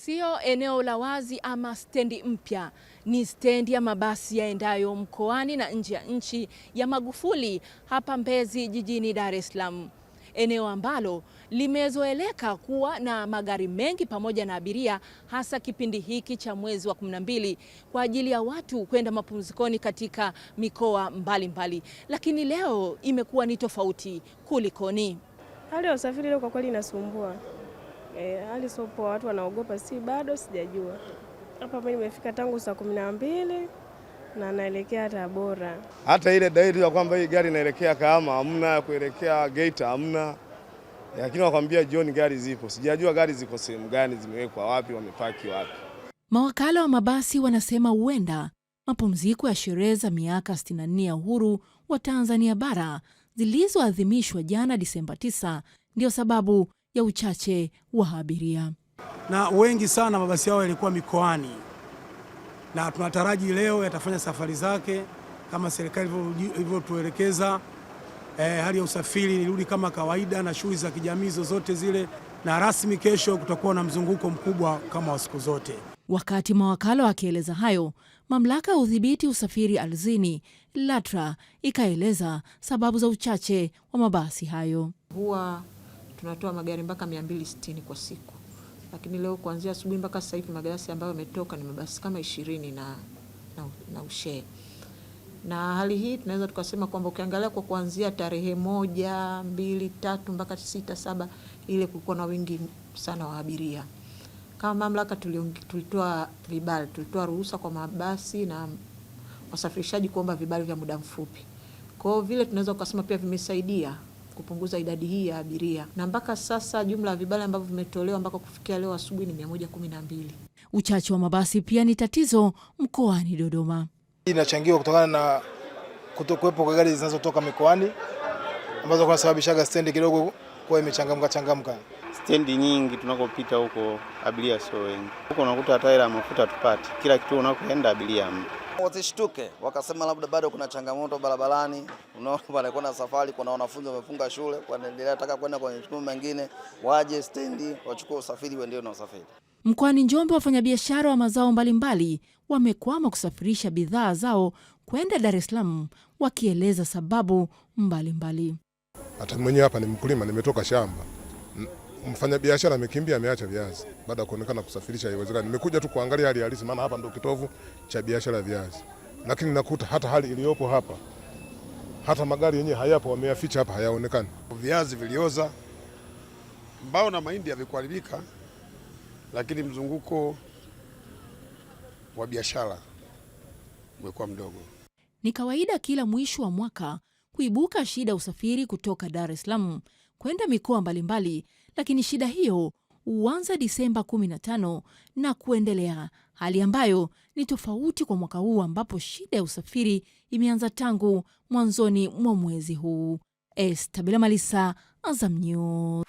Sio eneo la wazi ama stendi mpya, ni stendi ya mabasi yaendayo mkoani na nje ya nchi ya Magufuli hapa Mbezi jijini Dar es Salaam, eneo ambalo limezoeleka kuwa na magari mengi pamoja na abiria, hasa kipindi hiki cha mwezi wa 12 kwa ajili ya watu kwenda mapumzikoni katika mikoa mbalimbali mbali. Lakini leo imekuwa ni tofauti, kulikoni? Hali ya usafiri leo kwa kweli inasumbua. Eh, hali sio poa, watu wanaogopa, si bado sijajua. Hapa mimi nimefika tangu saa kumi na mbili na naelekea Tabora. Hata ile dalili ya kwamba hii gari inaelekea Kahama hamna, ya kuelekea Geita hamna, lakini wakwambia jioni gari zipo. Sijajua gari ziko sehemu gani, zimewekwa wapi, wamepaki wapi. Mawakala wa mabasi wanasema huenda mapumziko ya sherehe za miaka 64 ya uhuru wa Tanzania bara zilizoadhimishwa jana Disemba 9 ndio sababu ya uchache wa abiria, na wengi sana mabasi yao yalikuwa mikoani, na tunataraji leo yatafanya safari zake kama serikali ilivyotuelekeza. Eh, hali ya usafiri nirudi kama kawaida na shughuli za kijamii zozote zile, na rasmi kesho kutakuwa na mzunguko mkubwa kama wa siku zote. Wakati mawakala wakieleza hayo, mamlaka ya udhibiti usafiri ardhini LATRA ikaeleza sababu za uchache wa mabasi hayo huwa tunatoa magari mpaka 260 kwa siku, lakini leo kuanzia asubuhi mpaka sasa hivi magari ambayo yametoka ni mabasi kama 20 na, na, na ushe. na hali hii tunaweza tukasema kwamba ukiangalia kwa kuanzia tarehe moja, mbili, tatu mpaka sita, saba ile kulikuwa na wingi sana wa abiria. Kama mamlaka tulitoa vibali, tulitoa ruhusa kwa mabasi na wasafirishaji kuomba vibali vya muda mfupi. Kwa hiyo vile tunaweza kusema pia vimesaidia kupunguza idadi hii ya abiria, na mpaka sasa jumla ya vibali ambavyo vimetolewa mpaka kufikia leo asubuhi ni mia moja kumi na mbili. Uchache wa mabasi pia ni tatizo mkoani Dodoma. Hii inachangiwa kutokana na kuwepo kwa gari zinazotoka mikoani ambazo kunasababishaga stendi kidogo kuwa imechangamka changamka. Stendi nyingi tunakopita huko abiria sio wengi, huko unakuta tairi mafuta tupati, kila kituo unakoenda abiria mpya wasishtuke wakasema labda bado kuna changamoto barabarani. Unaona pale kuna safari, kuna wanafunzi wamefunga shule, wanaendelea taka kwenda kwenye shule mengine, waje stendi wachukue usafiri, waendelee na usafiri. Mkoani Njombe, wafanyabiashara wa mazao mbalimbali wamekwama kusafirisha bidhaa zao kwenda Dar es Salaam, wakieleza sababu mbalimbali. Hata mwenyewe hapa ni mkulima, nimetoka shamba mfanyabiashara amekimbia, ameacha viazi baada ya kuonekana kusafirisha haiwezekani. Nimekuja tu kuangalia hali halisi, maana hapa ndio kitovu cha biashara ya viazi, lakini nakuta hata hali iliyopo hapa, hata magari yenyewe hayapo, wameyaficha hapa, hayaonekani. Viazi vilioza, mbao na mahindi yavikuharibika lakini mzunguko wa biashara umekuwa mdogo. Ni kawaida kila mwisho wa mwaka kuibuka shida usafiri kutoka Dar es Salaam kwenda mikoa mbalimbali, lakini shida hiyo huanza Disemba 15 na kuendelea, hali ambayo ni tofauti kwa mwaka huu ambapo shida ya usafiri imeanza tangu mwanzoni mwa mwezi huu. Estabila Malisa, Azam News.